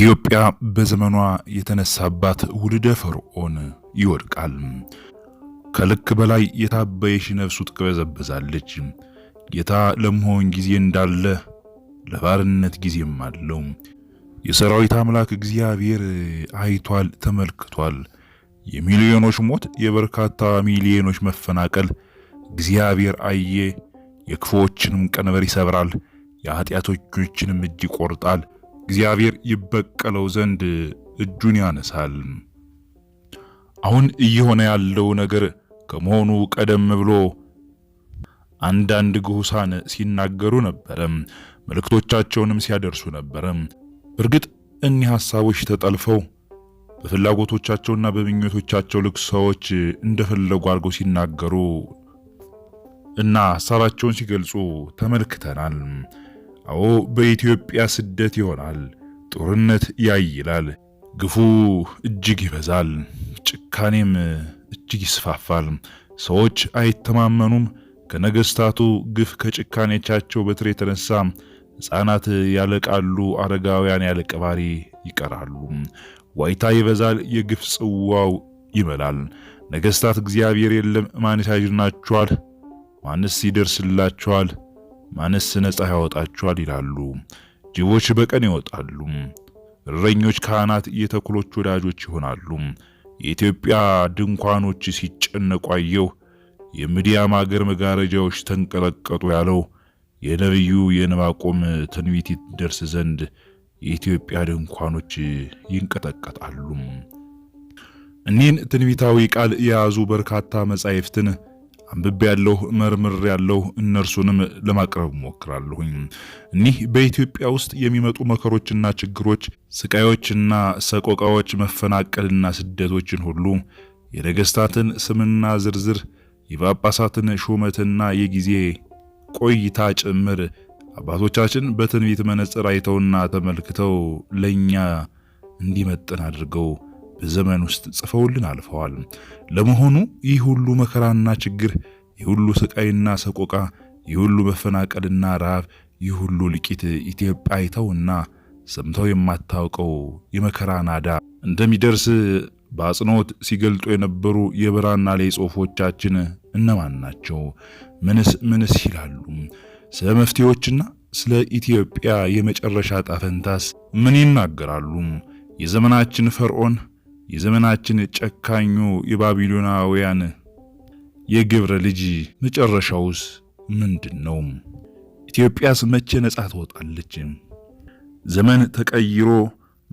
ኢትዮጵያ በዘመኗ የተነሳባት ውልደ ፈርዖን ይወድቃል። ከልክ በላይ የታበየሽ ነፍሱ ትቅበዘበዛለች። ጌታ ለመሆን ጊዜ እንዳለ ለባርነት ጊዜም አለው። የሰራዊት አምላክ እግዚአብሔር አይቷል፣ ተመልክቷል። የሚሊዮኖች ሞት፣ የበርካታ ሚሊዮኖች መፈናቀል እግዚአብሔር አየ። የክፉዎችንም ቀንበር ይሰብራል፣ የኃጢአተኞችንም እጅ ይቆርጣል። እግዚአብሔር ይበቀለው ዘንድ እጁን ያነሳል። አሁን እየሆነ ያለው ነገር ከመሆኑ ቀደም ብሎ አንዳንድ ግሁሳን ሲናገሩ ነበረ፣ መልእክቶቻቸውንም ሲያደርሱ ነበረ። እርግጥ እኒህ ሐሳቦች ተጠልፈው በፍላጎቶቻቸውና በምኞቶቻቸው ልክ ሰዎች እንደፈለጉ አድርገው ሲናገሩ እና ሐሳባቸውን ሲገልጹ ተመልክተናል። አዎ በኢትዮጵያ ስደት ይሆናል። ጦርነት ያይላል። ግፉ እጅግ ይበዛል። ጭካኔም እጅግ ይስፋፋል። ሰዎች አይተማመኑም። ከነገስታቱ ግፍ ከጭካኔቻቸው በትር የተነሳ ሕፃናት ያለቃሉ፣ አረጋውያን ያለ ይቀራሉ። ዋይታ ይበዛል፣ የግፍ ጽዋው ይመላል። ነገስታት እግዚአብሔር የለም ማንስ ያድናችኋል? ማንስ ይደርስላችኋል? ማንስ ነጻ ያወጣችኋል ይላሉ። ጅቦች በቀን ይወጣሉ፣ እረኞች ካህናት የተኩሎች ወዳጆች ይሆናሉ። የኢትዮጵያ ድንኳኖች ሲጨነቁ አየሁ፣ የምድያም አገር መጋረጃዎች ተንቀጠቀጡ ያለው የነቢዩ የዕንባቆም ትንቢት ይደርስ ዘንድ የኢትዮጵያ ድንኳኖች ይንቀጠቀጣሉ። እኒህን ትንቢታዊ ቃል የያዙ በርካታ መጻሕፍትን አንብቤ ያለሁ መርምር ያለው እነርሱንም ለማቅረብ ሞክራለሁኝ። እኒህ በኢትዮጵያ ውስጥ የሚመጡ መከሮችና ችግሮች፣ ስቃዮችና ሰቆቃዎች፣ መፈናቀልና ስደቶችን ሁሉ የነገስታትን ስምና ዝርዝር የጳጳሳትን ሹመትና የጊዜ ቆይታ ጭምር አባቶቻችን በትንቢት መነጽር አይተውና ተመልክተው ለኛ እንዲመጥን አድርገው በዘመን ውስጥ ጽፈውልን አልፈዋል። ለመሆኑ ይህ ሁሉ መከራና ችግር፣ ይህ ሁሉ ስቃይና ሰቆቃ፣ ይህ ሁሉ መፈናቀልና ረሃብ፣ ይህ ሁሉ ልቂት ኢትዮጵያ አይተውና ሰምተው የማታውቀው የመከራ ናዳ እንደሚደርስ በአጽንኦት ሲገልጡ የነበሩ የብራና ላይ ጽሑፎቻችን እነማን ናቸው? ምንስ ምንስ ይላሉ? ስለ መፍትሄዎችና ስለ ኢትዮጵያ የመጨረሻ ጣፈንታስ ምን ይናገራሉ? የዘመናችን ፈርዖን የዘመናችን ጨካኙ የባቢሎናውያን የግብረ ልጅ መጨረሻውስ ምንድን ነው? ኢትዮጵያስ መቼ ነጻ ትወጣለች? ዘመን ተቀይሮ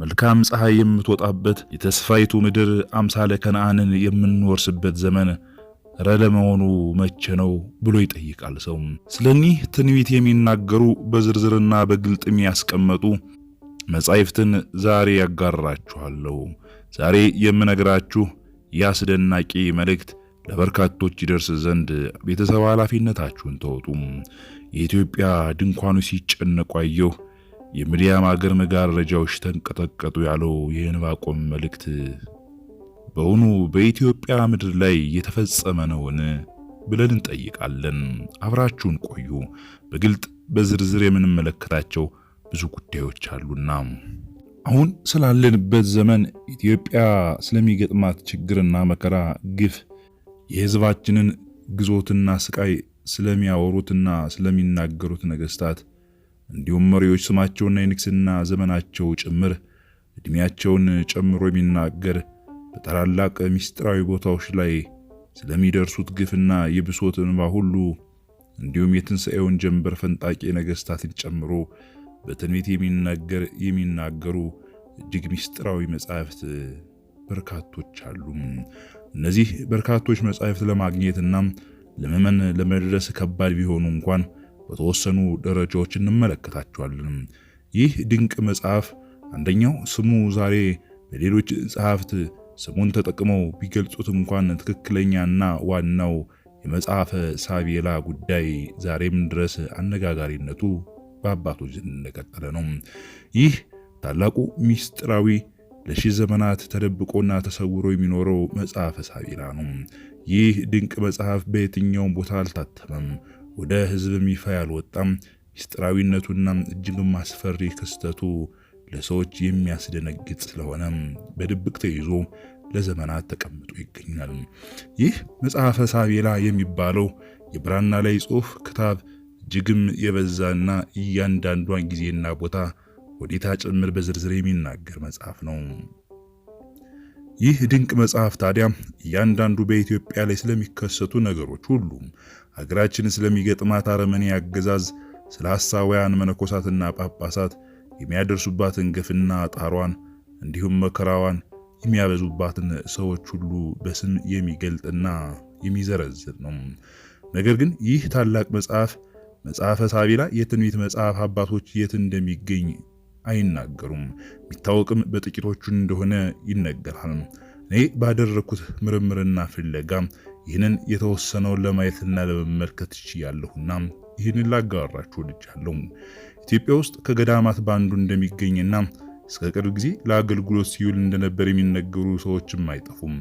መልካም ፀሐይ የምትወጣበት የተስፋይቱ ምድር አምሳለ ከነአንን የምንወርስበት ዘመን ረ ለመሆኑ መቼ ነው ብሎ ይጠይቃል ሰው። ስለኒህ ትንቢት የሚናገሩ በዝርዝርና በግልጥ ያስቀመጡ መጻሕፍትን ዛሬ ያጋራችኋለሁ። ዛሬ የምነግራችሁ ያስደናቂ መልእክት ለበርካቶች ይደርስ ዘንድ ቤተሰብ ኃላፊነታችሁን ተወጡ። የኢትዮጵያ ድንኳኑ ሲጨነቁ አየሁ፣ የሚዲያም አገር መጋረጃዎች ተንቀጠቀጡ ያለው የዕንባቆም መልእክት በውኑ በኢትዮጵያ ምድር ላይ የተፈጸመ ነውን ብለን እንጠይቃለን። አብራችሁን ቆዩ። በግልጥ በዝርዝር የምንመለከታቸው ብዙ ጉዳዮች አሉና አሁን ስላለንበት ዘመን ኢትዮጵያ ስለሚገጥማት ችግርና መከራ፣ ግፍ፣ የሕዝባችንን ግዞትና ስቃይ ስለሚያወሩትና ስለሚናገሩት ነገስታት እንዲሁም መሪዎች ስማቸውና የንግስና ዘመናቸው ጭምር እድሜያቸውን ጨምሮ የሚናገር በታላላቅ ምስጢራዊ ቦታዎች ላይ ስለሚደርሱት ግፍና የብሶት እንባ ሁሉ እንዲሁም የትንሣኤውን ጀንበር ፈንጣቂ ነገስታትን ጨምሮ በትንቢት የሚናገር የሚናገሩ እጅግ ሚስጥራዊ መጻሕፍት በርካቶች አሉ። እነዚህ በርካቶች መጻሕፍት ለማግኘትና ለመመን ለመድረስ ከባድ ቢሆኑ እንኳን በተወሰኑ ደረጃዎች እንመለከታቸዋለን። ይህ ድንቅ መጽሐፍ አንደኛው ስሙ ዛሬ በሌሎች ጸሐፍት ስሙን ተጠቅመው ቢገልጹት እንኳን ትክክለኛና ዋናው የመጽሐፈ ሳቤላ ጉዳይ ዛሬም ድረስ አነጋጋሪነቱ በአባቶች ዘንድ እንደቀጠለ ነው። ይህ ታላቁ ሚስጥራዊ ለሺ ዘመናት ተደብቆና ተሰውሮ የሚኖረው መጽሐፈ ሳቢራ ነው። ይህ ድንቅ መጽሐፍ በየትኛውም ቦታ አልታተመም፣ ወደ ሕዝብም ይፋ ያልወጣም። ሚስጥራዊነቱና እጅግም አስፈሪ ክስተቱ ለሰዎች የሚያስደነግጥ ስለሆነ በድብቅ ተይዞ ለዘመናት ተቀምጦ ይገኛል። ይህ መጽሐፈ ሳቤላ የሚባለው የብራና ላይ ጽሑፍ ክታብ እጅግም የበዛና እያንዳንዷን ጊዜና ቦታ ወዴታ ጭምር በዝርዝር የሚናገር መጽሐፍ ነው። ይህ ድንቅ መጽሐፍ ታዲያ እያንዳንዱ በኢትዮጵያ ላይ ስለሚከሰቱ ነገሮች ሁሉ፣ ሀገራችን ስለሚገጥማት አረመኔ አገዛዝ፣ ስለ ሐሳውያን መነኮሳትና ጳጳሳት የሚያደርሱባትን ግፍና ጣሯን እንዲሁም መከራዋን የሚያበዙባትን ሰዎች ሁሉ በስም የሚገልጥና የሚዘረዝር ነው። ነገር ግን ይህ ታላቅ መጽሐፍ መጽሐፈ ሳቢላ የትንቢት መጽሐፍ አባቶች የት እንደሚገኝ አይናገሩም፣ የሚታወቅም በጥቂቶቹ እንደሆነ ይነገራል። እኔ ባደረግኩት ምርምርና ፍለጋ ይህንን የተወሰነውን ለማየትና ለመመልከት ችያለሁና ይህንን ላጋራችሁ ወድጃለሁ። ኢትዮጵያ ውስጥ ከገዳማት በአንዱ እንደሚገኝና እስከ ቅርብ ጊዜ ለአገልግሎት ሲውል እንደነበር የሚነገሩ ሰዎችም አይጠፉም።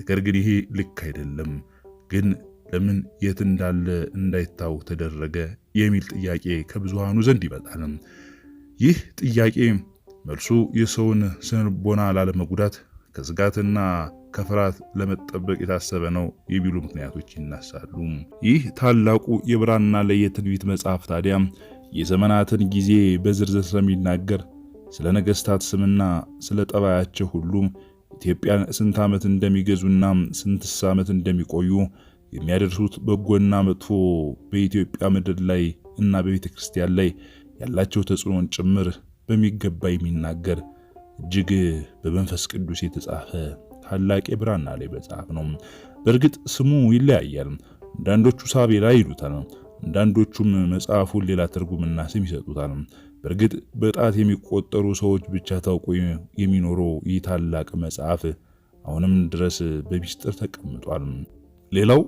ነገር ግን ይሄ ልክ አይደለም። ግን ለምን የት እንዳለ እንዳይታወቅ ተደረገ የሚል ጥያቄ ከብዙሃኑ ዘንድ ይበጣል ይህ ጥያቄ መልሱ የሰውን ስነልቦና ላለመጉዳት ከስጋትና ከፍርሃት ለመጠበቅ የታሰበ ነው የሚሉ ምክንያቶች ይነሳሉ። ይህ ታላቁ የብራና ለየት ትንቢት መጽሐፍ ታዲያ የዘመናትን ጊዜ በዝርዝር ስለሚናገር ስለ ነገስታት ስምና ስለ ጠባያቸው ሁሉ ኢትዮጵያን ስንት ዓመት እንደሚገዙና ስንት ዓመት እንደሚቆዩ የሚያደርሱት በጎና መጥፎ በኢትዮጵያ ምድር ላይ እና በቤተ ክርስቲያን ላይ ያላቸው ተጽዕኖን ጭምር በሚገባ የሚናገር እጅግ በመንፈስ ቅዱስ የተጻፈ ታላቅ የብራና ላይ መጽሐፍ ነው። በእርግጥ ስሙ ይለያያል። አንዳንዶቹ ሳቤላ ይሉታል፣ አንዳንዶቹም መጽሐፉን ሌላ ትርጉምና ስም ይሰጡታል። በእርግጥ በጣት የሚቆጠሩ ሰዎች ብቻ ታውቆ የሚኖረው ይህ ታላቅ መጽሐፍ አሁንም ድረስ በሚስጥር ተቀምጧል። ሌላው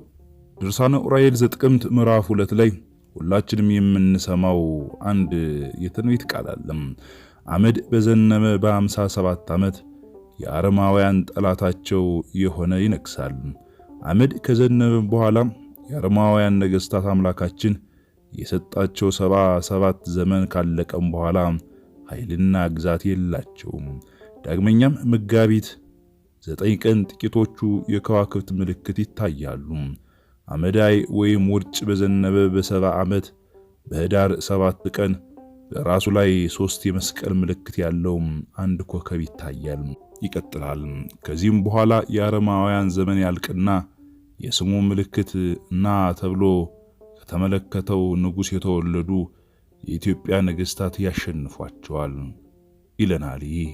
ድርሳነ ዑራኤል ዘጥቅምት ምዕራፍ ሁለት ላይ ሁላችንም የምንሰማው አንድ የትንቢት ቃል አለም። አመድ በዘነመ በአምሳ ሰባት ዓመት የአረማውያን ጠላታቸው የሆነ ይነግሳል። አመድ ከዘነበ በኋላ የአረማውያን ነገስታት አምላካችን የሰጣቸው ሰባ ሰባት ዘመን ካለቀም በኋላ ኃይልና ግዛት የላቸውም። ዳግመኛም መጋቢት ዘጠኝ ቀን ጥቂቶቹ የከዋክብት ምልክት ይታያሉ። አመዳይ ወይም ውርጭ በዘነበ በሰባ ዓመት በህዳር ሰባት ቀን በራሱ ላይ ሶስት የመስቀል ምልክት ያለው አንድ ኮከብ ይታያል። ይቀጥላል። ከዚህም በኋላ የአረማውያን ዘመን ያልቅና የስሙ ምልክት ና ተብሎ ከተመለከተው ንጉሥ የተወለዱ የኢትዮጵያ ነገሥታት ያሸንፏቸዋል ይለናል። ይህ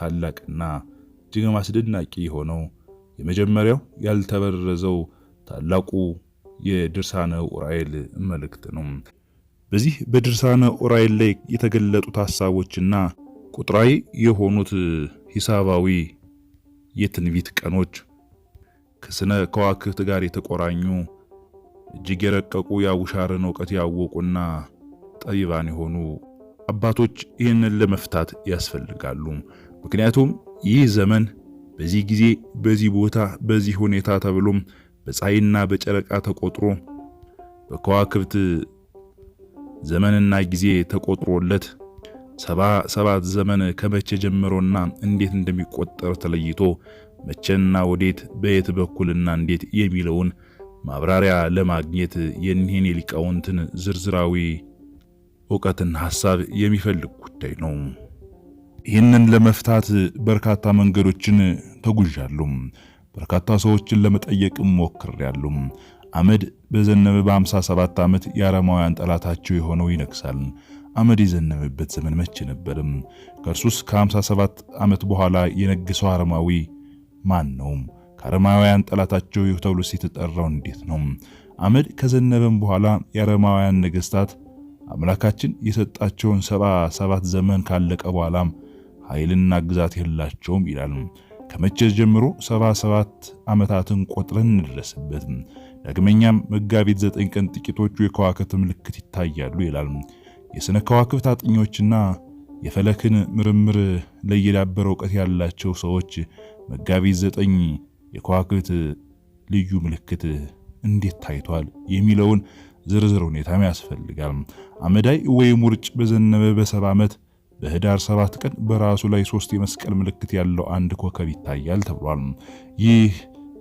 ታላቅና እጅግም አስደናቂ የሆነው የመጀመሪያው ያልተበረዘው ታላቁ የድርሳነ ዑራኤል መልእክት ነው። በዚህ በድርሳነ ዑራኤል ላይ የተገለጡት ሐሳቦችና ቁጥራዊ የሆኑት ሂሳባዊ የትንቢት ቀኖች ከስነ ከዋክብት ጋር የተቆራኙ እጅግ የረቀቁ የአቡሻርን እውቀት ያወቁና ጠቢባን የሆኑ አባቶች ይህንን ለመፍታት ያስፈልጋሉ። ምክንያቱም ይህ ዘመን በዚህ ጊዜ፣ በዚህ ቦታ፣ በዚህ ሁኔታ ተብሎም በፀሐይና በጨረቃ ተቆጥሮ በከዋክብት ዘመንና ጊዜ ተቆጥሮለት ሰባ ሰባት ዘመን ከመቼ ጀምሮና እንዴት እንደሚቆጠር ተለይቶ መቼና ወዴት በየት በኩልና እንዴት የሚለውን ማብራሪያ ለማግኘት የኒህን ሊቃውንትን ዝርዝራዊ እውቀትና ሐሳብ የሚፈልግ ጉዳይ ነው። ይህንን ለመፍታት በርካታ መንገዶችን ተጉዣሉ። በርካታ ሰዎችን ለመጠየቅም ያሉ አመድ በዘነበ በ57 ዓመት የአረማውያን ጠላታቸው የሆነው ይነግሳል። አመድ የዘነበበት ዘመን መቼ ነበርም? ከእርሱስ ከ57 ዓመት በኋላ የነገሰው አረማዊ ማን ነው? ከአረማውያን ጠላታቸው ተብሎ የተጠራው እንዴት ነው? አመድ ከዘነበም በኋላ የአረማውያን ነገስታት አምላካችን የሰጣቸውን ሰባ ሰባት ዘመን ካለቀ በኋላም ኃይልና ግዛት የላቸውም ይላል። ከመቼ ጀምሮ 77 ዓመታትን ቆጥረን እንድረስበት። ዳግመኛም መጋቢት 9 ቀን ጥቂቶቹ የከዋክብት ምልክት ይታያሉ ይላል። የሥነ ከዋክብት አጥኞችና የፈለክን ምርምር ላይ የዳበረ እውቀት ያላቸው ሰዎች መጋቢት 9 የከዋክብት ልዩ ምልክት እንዴት ታይቷል የሚለውን ዝርዝር ሁኔታም ያስፈልጋል። አመዳይ ወይም ውርጭ በዘነበ በሰባ ዓመት በህዳር 7 ቀን በራሱ ላይ ሶስት የመስቀል ምልክት ያለው አንድ ኮከብ ይታያል ተብሏል። ይህ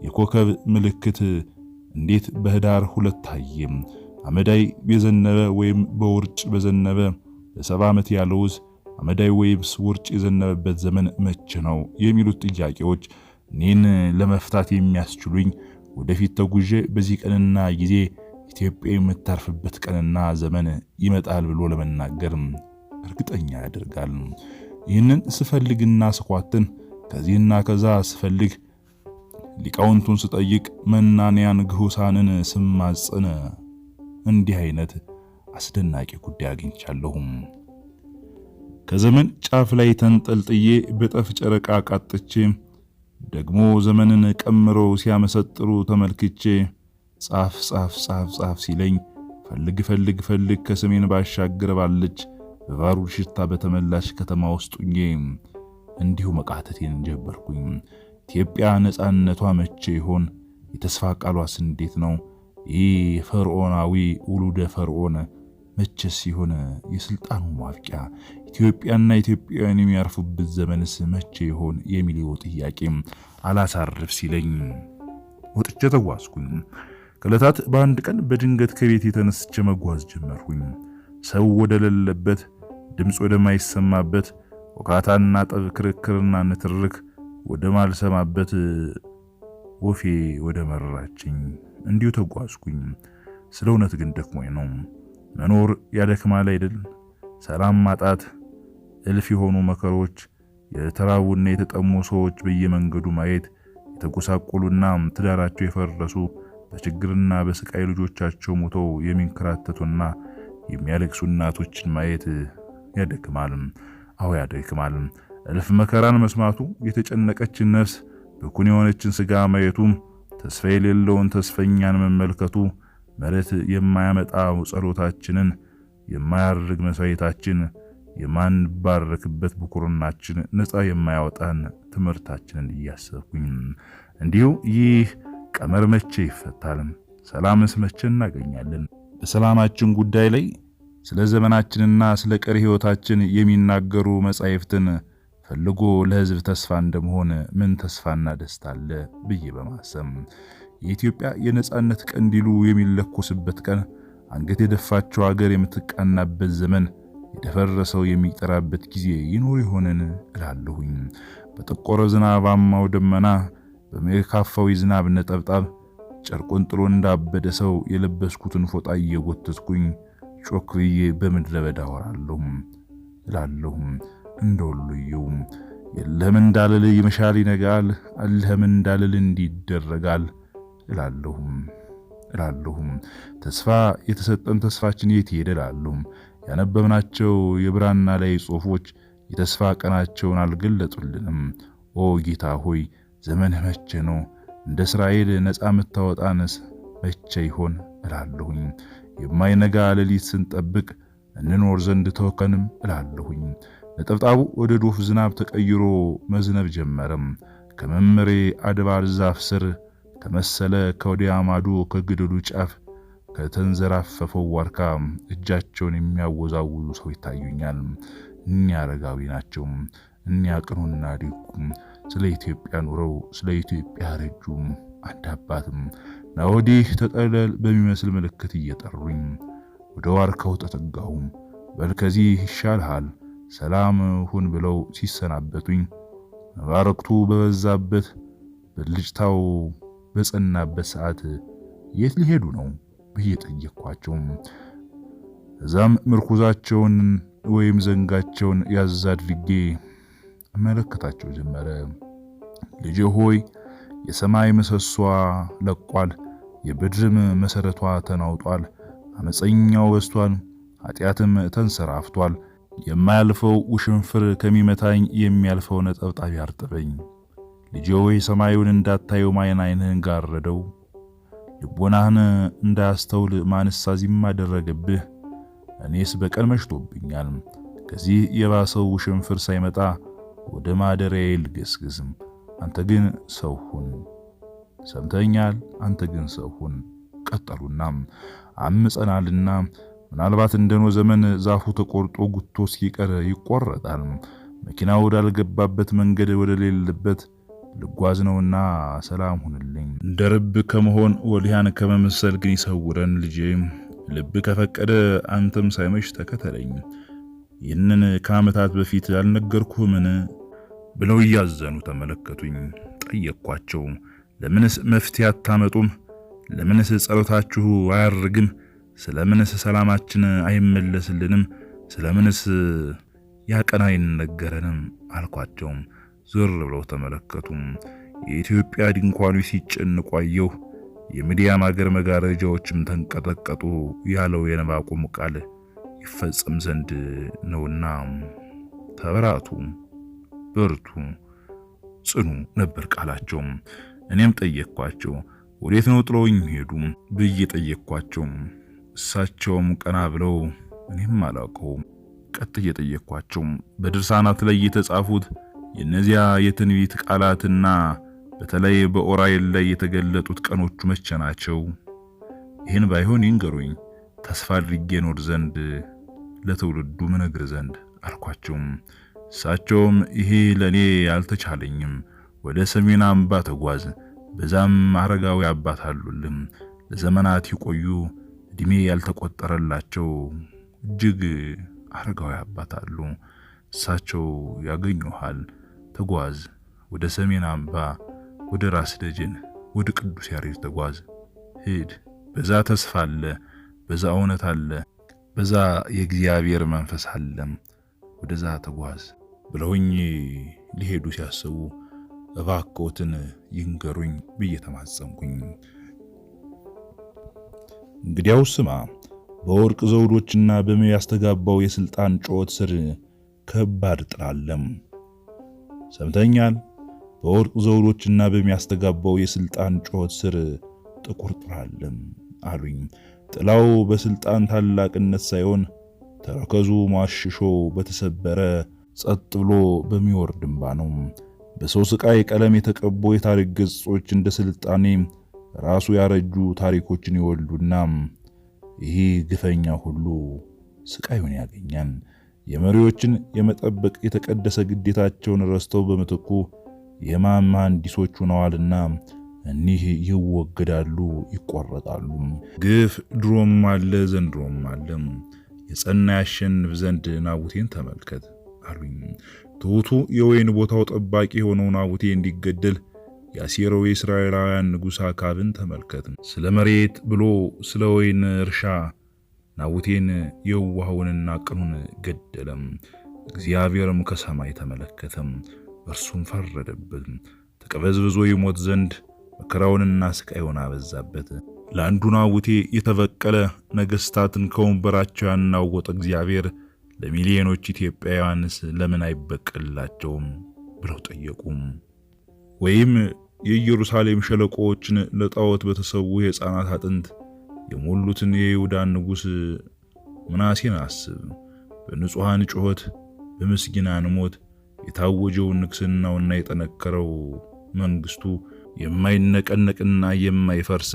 የኮከብ ምልክት እንዴት በህዳር ሁለት ታየ? አመዳይ የዘነበ ወይም በውርጭ በዘነበ በሰባ ዓመት ያለውስ አመዳይ ወይ ውርጭ የዘነበበት ዘመን መቼ ነው? የሚሉት ጥያቄዎች እኔን ለመፍታት የሚያስችሉኝ ወደፊት ተጉዤ በዚህ ቀንና ጊዜ ኢትዮጵያ የምታርፍበት ቀንና ዘመን ይመጣል ብሎ ለመናገር እርግጠኛ ያደርጋል። ይህንን ስፈልግና ስኳትን ከዚህና ከዛ ስፈልግ ሊቃውንቱን ስጠይቅ መናንያን ግሁሳንን ስማጽን እንዲህ አይነት አስደናቂ ጉዳይ አግኝቻለሁም። ከዘመን ጫፍ ላይ ተንጠልጥዬ በጠፍ ጨረቃ ቃጥቼ ደግሞ ዘመንን ቀምሮ ሲያመሰጥሩ ተመልክቼ ጻፍ ጻፍ ጻፍ ጻፍ ሲለኝ ፈልግ ፈልግ ፈልግ ከሰሜን ባሻገር ባለች በባሩድ ሽታ ከተማ ውስጥ እንዲሁ መቃተቴን ጀበርኩኝ። ኢትዮጵያ ነፃነቷ መቼ ይሆን? የተስፋ ቃሏስ እንዴት ነው? ይህ ፈርዖናዊ ውሉደ ፈርዖን መቼ ሲሆን የስልጣኑ ማብቂያ? ኢትዮጵያና ኢትዮጵያውያን የሚያርፉበት ዘመንስ መቼ ይሆን የሚለው ጥያቄ አላሳርፍ ሲለኝ ወጥቼ ተጓዝኩኝ። ከዕለታት በአንድ ቀን በድንገት ከቤት የተነስቼ መጓዝ ጀመርኩኝ። ሰው ወደ ሌለበት ድምፅ ወደማይሰማበት ወካታና ጠብ፣ ክርክርና ንትርክ ወደማልሰማበት ወፌ ወደ መራችኝ እንዲሁ ተጓዝኩኝ። ስለ እውነት ግን ደክሞኝ ነው። መኖር ያደክማል አይደል? ሰላም ማጣት፣ እልፍ የሆኑ መከሮች፣ የተራቡና የተጠሙ ሰዎች በየመንገዱ ማየት፣ የተጎሳቆሉና ትዳራቸው የፈረሱ በችግርና በስቃይ ልጆቻቸው ሞተው የሚንከራተቱና የሚያለቅሱ እናቶችን ማየት ያደክማል። አዎ ያደክማል። እልፍ መከራን መስማቱ፣ የተጨነቀችን ነፍስ ብኩን የሆነችን ስጋ ማየቱ፣ ተስፋ የሌለውን ተስፈኛን መመልከቱ፣ መሬት የማያመጣው ጸሎታችንን፣ የማያርግ መስዋዕታችን፣ የማንባረክበት ብኩርናችን፣ ነፃ የማያወጣን ትምህርታችንን እያሰብኩኝ እንዲሁ ይህ ቀመር መቼ ይፈታል? ሰላምስ መቼ እናገኛለን? በሰላማችን ጉዳይ ላይ ስለ ዘመናችንና ስለ ቀሪ ሕይወታችን የሚናገሩ መጻሕፍትን ፈልጎ ለሕዝብ ተስፋ እንደመሆን ምን ተስፋና ደስታ አለ ብዬ በማሰብ የኢትዮጵያ የነጻነት ቀንዲሉ የሚለኮስበት ቀን፣ አንገት የደፋቸው አገር የምትቃናበት ዘመን፣ የደፈረሰው የሚጠራበት ጊዜ ይኖር ይሆንን እላለሁኝ። በጠቆረ ዝናባማው ደመና፣ በመካፋዊ ዝናብ ነጠብጣብ ጨርቁን ጥሎ እንዳበደ ሰው የለበስኩትን ፎጣ እየጎተትኩኝ ጮክ ብዬ በምድረ በዳ ወራለሁ እላለሁ እንደ የለህም እንዳልል ይመሻል ይነጋል፣ አለህም እንዳልል እንዲደረጋል እላለሁም እላለሁ። ተስፋ የተሰጠን ተስፋችን የት ሄደ እላለሁ። ያነበብናቸው የብራና ላይ ጽሑፎች የተስፋ ቀናቸውን አልገለጡልንም። ኦ ጌታ ሆይ ዘመንህ መቼ ነው? እንደ እስራኤል ነፃ የምታወጣንስ መቼ ይሆን እላለሁኝ። የማይነጋ ሌሊት ስንጠብቅ እንኖር ዘንድ ተወከንም እላለሁኝ። ነጠብጣቡ ወደ ዶፍ ዝናብ ተቀይሮ መዝነብ ጀመረም። ከመምሬ አድባር ዛፍ ስር ከመሰለ ከወዲያ ማዶ ከገደሉ ጫፍ ከተንዘራፈፈው ዋርካ እጃቸውን የሚያወዛውዙ ሰው ይታዩኛል። እኒያ አረጋዊ ናቸው። እኒያ ቅኑና ስለ ኢትዮጵያ ኑረው ስለ ኢትዮጵያ ረጁ አንድ አባትም ናወዲህ ተጠለል በሚመስል ምልክት እየጠሩኝ ወደ ዋርካው ተጠጋሁም። በል ከዚህ ይሻልሃል ሰላም ሁን ብለው ሲሰናበቱኝ መባረክቱ በበዛበት ብልጭታው በጸናበት ሰዓት የት ሊሄዱ ነው ብዬ ጠየቅኳቸው። እዛም ምርኩዛቸውን ወይም ዘንጋቸውን ያዝ አድርጌ እመለከታቸው ጀመረ። ልጅ ሆይ የሰማይ ምሰሷ ለቋል የብድርም መሰረቷ ተናውጧል፣ አመፀኛው በስቷል ኃጢአትም ተንሰራፍቷል። የማያልፈው ውሽንፍር ከሚመታኝ የሚያልፈው ነጠብጣብ ያርጥበኝ። ልጄ ሆይ ሰማዩን እንዳታየው ማየን ዓይንህን ጋረደው፣ ልቦናህን እንዳያስተውል ማንሳ ዚም አደረገብህ? እኔስ በቀን መሽቶብኛል። ከዚህ የባሰው ውሽንፍር ሳይመጣ ወደ ማደሪያዬ ልገስግዝም። አንተ ግን ሰው ሁን። ሰምተኛል፣ አንተ ግን ሰው ሁን። ቀጠሉና አምጸናልና ምናልባት እንደኖ ዘመን ዛፉ ተቆርጦ ጉቶ እስኪቀር ይቆረጣል። መኪና ወዳልገባበት መንገድ ወደሌለበት ልጓዝ ነውና ሰላም ሁንልኝ። ደርብ ከመሆን ወሊያን ከመመሰል ግን ይሰውረን ልጄ። ልብ ከፈቀደ አንተም ሳይመሽ ተከተለኝ። ይህንን ከዓመታት በፊት አልነገርኩህምን ብለው እያዘኑ ተመለከቱኝ። ጠየቅኳቸው። ለምንስ መፍትሄ አታመጡም? ለምንስ ጸሎታችሁ አያርግም? ስለምንስ ሰላማችን አይመለስልንም? ስለምንስ ያቀና አይነገረንም? አልኳቸውም። ዞር ብለው ተመለከቱም። የኢትዮጵያ ድንኳኑ ሲጨንቁ አየሁ። የሚዲያም ማገር መጋረጃዎችም ተንቀጠቀጡ። ያለው የነባቆም ቃል ይፈጸም ዘንድ ነውና ተበራቱ፣ በርቱ፣ ጽኑ ነበር ቃላቸውም። እኔም ጠየቅኳቸው። ወዴት ነው ጥለውኝ ሄዱ ብዬ ጠየቅኳቸው። እሳቸውም ቀና ብለው እኔም አላውቀውም ቀጥ እየጠየቅኳቸው በድርሳናት ላይ የተጻፉት የእነዚያ የትንቢት ቃላትና በተለይ በኦራይል ላይ የተገለጡት ቀኖቹ መቼ ናቸው? ይህን ባይሆን ይንገሩኝ ተስፋ አድርጌ ኖር ዘንድ ለትውልዱ ምነግር ዘንድ አልኳቸውም። እሳቸውም ይሄ ለእኔ አልተቻለኝም ወደ ሰሜን አምባ ተጓዝ። በዛም አረጋዊ አባት አሉልን ለዘመናት ይቆዩ እድሜ ያልተቆጠረላቸው እጅግ አረጋዊ አባት አሉ። እሳቸው ያገኙሃል። ተጓዝ ወደ ሰሜን አምባ፣ ወደ ራስ ደጀን፣ ወደ ቅዱስ ያሬድ ተጓዝ። ሂድ። በዛ ተስፋ አለ፣ በዛ እውነት አለ፣ በዛ የእግዚአብሔር መንፈስ አለ። ወደዛ ተጓዝ ብለውኝ ሊሄዱ ሲያስቡ እባክዎትን ይንገሩኝ ብዬ ተማጸንኩኝ። እንግዲያው ስማ፣ በወርቅ ዘውዶችና በሚያስተጋባው የስልጣን ጩኸት ስር ከባድ ጥላለም ሰምተኛል። በወርቅ ዘውዶችና በሚያስተጋባው የስልጣን ጩኸት ስር ጥቁር ጥላለም አሉኝ። ጥላው በስልጣን ታላቅነት ሳይሆን ተረከዙ ማሽሾ በተሰበረ ጸጥ ብሎ በሚወርድ እንባ ነው። በሰው ስቃይ ቀለም የተቀቡ የታሪክ ገጾች እንደ ስልጣኔ ራሱ ያረጁ ታሪኮችን ይወልዱና ይህ ግፈኛ ሁሉ ስቃዩን ያገኛል። የመሪዎችን የመጠበቅ የተቀደሰ ግዴታቸውን ረስተው በምትኩ የማን መሐንዲሶች ሆነዋልና እኒህ ይወገዳሉ፣ ይቆረጣሉ። ግፍ ድሮም አለ ዘንድሮም አለ። የጸና ያሸንፍ ዘንድ ናቡቴን ተመልከት አሉኝ። ትሑቱ የወይን ቦታው ጠባቂ የሆነው ናቡቴ እንዲገደል ያሴረው የእስራኤላውያን ንጉሥ አካብን ተመልከት። ስለ መሬት ብሎ ስለ ወይን እርሻ ናቡቴን የዋሃውንና ቅኑን ገደለም። እግዚአብሔርም ከሰማይ ተመለከተም፣ እርሱም ፈረደበት። ተቀበዝብዞ ይሞት ዘንድ መከራውንና ስቃዩን አበዛበት። ለአንዱ ናቡቴ የተበቀለ ነገሥታትን ከወንበራቸው ያናወጠ እግዚአብሔር ለሚሊዮኖች ኢትዮጵያውያንስ ለምን አይበቅላቸውም ብለው ጠየቁም። ወይም የኢየሩሳሌም ሸለቆዎችን ለጣዖት በተሰዉ የሕፃናት አጥንት የሞሉትን የይሁዳን ንጉሥ ምናሴን አስብ። በንጹሐን ጩኸት በምስኪናን ሞት የታወጀው ንግሥናውና የጠነከረው መንግስቱ የማይነቀነቅና የማይፈርስ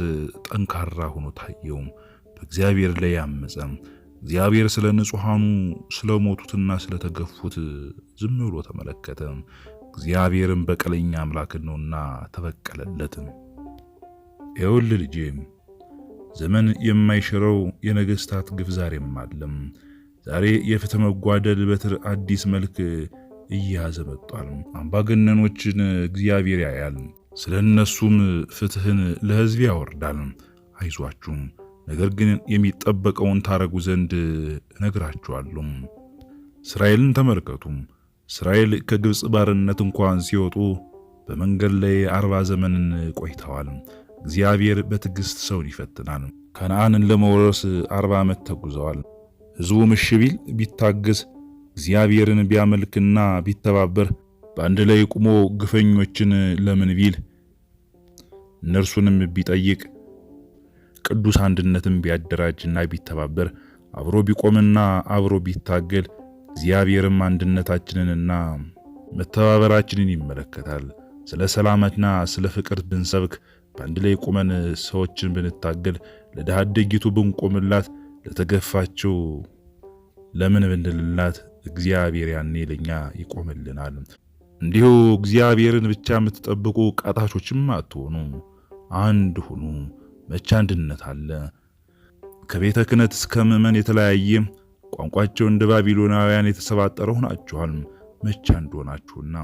ጠንካራ ሆኖ ታየውም። በእግዚአብሔር ላይ ያመፀም እግዚአብሔር ስለ ንጹሐኑ ስለሞቱትና ስለተገፉት ዝም ብሎ ተመለከተ። እግዚአብሔርም በቀለኛ አምላክ ነውና ተበቀለለትም። የውል ልጄ ዘመን የማይሽረው የነገስታት ግፍ ዛሬም አለም። ዛሬ የፍትህ መጓደል በትር አዲስ መልክ እየያዘ መጥቷል። አምባገነኖችን እግዚአብሔር ያያል፣ ስለ እነሱም ፍትህን ለህዝብ ያወርዳል። አይዟችሁም ነገር ግን የሚጠበቀውን ታረጉ ዘንድ እነግራችኋለሁ። እስራኤልን ተመልከቱም። እስራኤል ከግብፅ ባርነት እንኳን ሲወጡ በመንገድ ላይ አርባ ዘመንን ቆይተዋል። እግዚአብሔር በትዕግሥት ሰውን ይፈትናል። ከነአንን ለመውረስ አርባ ዓመት ተጉዘዋል። ሕዝቡ እሺ ቢል ቢታገስ፣ እግዚአብሔርን ቢያመልክና ቢተባበር፣ በአንድ ላይ ቁሞ ግፈኞችን ለምን ቢል፣ እነርሱንም ቢጠይቅ ቅዱስ አንድነትን ቢያደራጅና ቢተባበር አብሮ ቢቆምና አብሮ ቢታገል እግዚአብሔርም አንድነታችንንና መተባበራችንን ይመለከታል። ስለ ሰላምና ስለ ፍቅር ብንሰብክ በአንድ ላይ ቁመን ሰዎችን ብንታገል ለድሃ አደጊቱ ብንቆምላት ለተገፋችው ለምን ብንልላት እግዚአብሔር ያኔ ለኛ ይቆምልናል። እንዲሁ እግዚአብሔርን ብቻ የምትጠብቁ ቀጣቾችም አትሆኑ፣ አንድ ሁኑ። መቼ አንድነት አለ። ከቤተ ክህነት እስከ ምዕመን የተለያየ ቋንቋቸው እንደ ባቢሎናውያን የተሰባጠረ ሆናችኋል። መቼ አንድ ሆናችሁና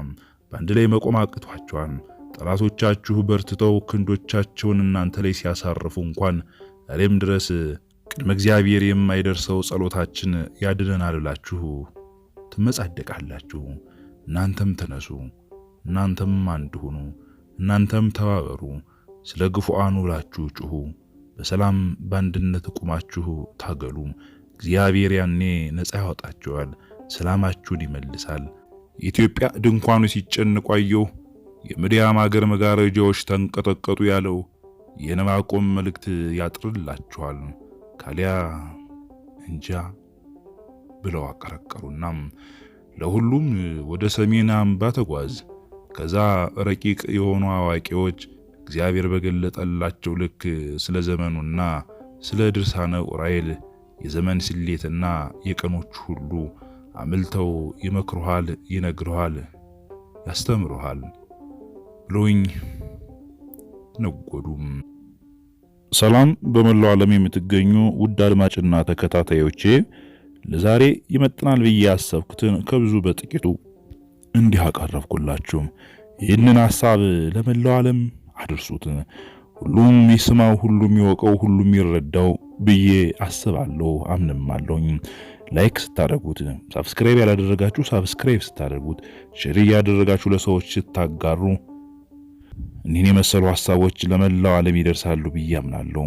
በአንድ ላይ መቆም አቅቷችኋል። ጠላቶቻችሁ በርትተው ክንዶቻቸውን እናንተ ላይ ሲያሳርፉ እንኳን ዛሬም ድረስ ቅድመ እግዚአብሔር የማይደርሰው ጸሎታችን ያድነናል ብላችሁ ትመጻደቃላችሁ። እናንተም ተነሱ፣ እናንተም አንድ ሁኑ፣ እናንተም ተባበሩ። ስለ ግፉአኑ ብላችሁ ጩሁ በሰላም በአንድነት ቁማችሁ ታገሉ። እግዚአብሔር ያኔ ነጻ ያወጣችኋል፣ ሰላማችሁን ይመልሳል። የኢትዮጵያ ድንኳኑ ሲጨን ቆየሁ፣ የምድያም አገር መጋረጃዎች ተንቀጠቀጡ ያለው የነማቆም መልእክት ያጥርላችኋል። ካሊያ እንጃ ብለው አቀረቀሩና ለሁሉም ወደ ሰሜን አምባ ተጓዝ። ከዛ ረቂቅ የሆኑ አዋቂዎች እግዚአብሔር በገለጠላቸው ልክ ስለ ዘመኑና ስለ ድርሳነ ዑራኤል የዘመን ስሌትና የቀኖች ሁሉ አምልተው ይመክሩሃል፣ ይነግሩሃል፣ ያስተምሩሃል ብሎኝ ነጎዱም። ሰላም በመላው ዓለም የምትገኙ ውድ አድማጭና ተከታታዮቼ ለዛሬ ይመጥናል ብዬ ያሰብኩትን ከብዙ በጥቂቱ እንዲህ አቀረብኩላችሁ። ይህንን ሐሳብ ለመላው ዓለም አድርሱት። ሁሉም ይስማው፣ ሁሉም ይወቀው፣ ሁሉም ይረዳው ብዬ አስባለሁ አምንማለሁኝ። ላይክ ስታደርጉት፣ ሳብስክራይብ ያላደረጋችሁ ሳብስክራይብ ስታደርጉት፣ ሼር ያደረጋችሁ ለሰዎች ስታጋሩ እኒህን የመሰሉ ሀሳቦች ለመላው ዓለም ይደርሳሉ ብዬ አምናለሁ።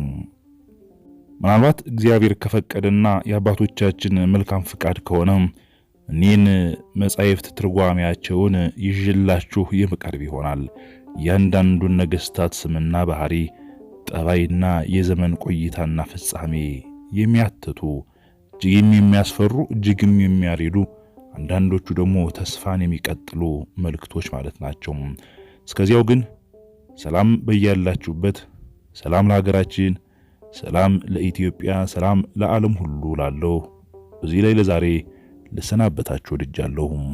ምናልባት እግዚአብሔር ከፈቀደና የአባቶቻችን መልካም ፍቃድ ከሆነ እኒህን መጻሕፍት ትርጓሚያቸውን ይዤላችሁ የምቀርብ ይሆናል። ያንዳንዱ ነገሥታት ስምና ባህሪ፣ ጠባይና የዘመን ቆይታና ፍጻሜ የሚያትቱ እጅግም የሚያስፈሩ እጅግም የሚያሬዱ አንዳንዶቹ ደግሞ ተስፋን የሚቀጥሉ መልእክቶች ማለት ናቸው። እስከዚያው ግን ሰላም በያላችሁበት፣ ሰላም ለሀገራችን፣ ሰላም ለኢትዮጵያ፣ ሰላም ለዓለም ሁሉ ላለው እዚህ ላይ ለዛሬ ልሰናበታችሁ ወድጃለሁም።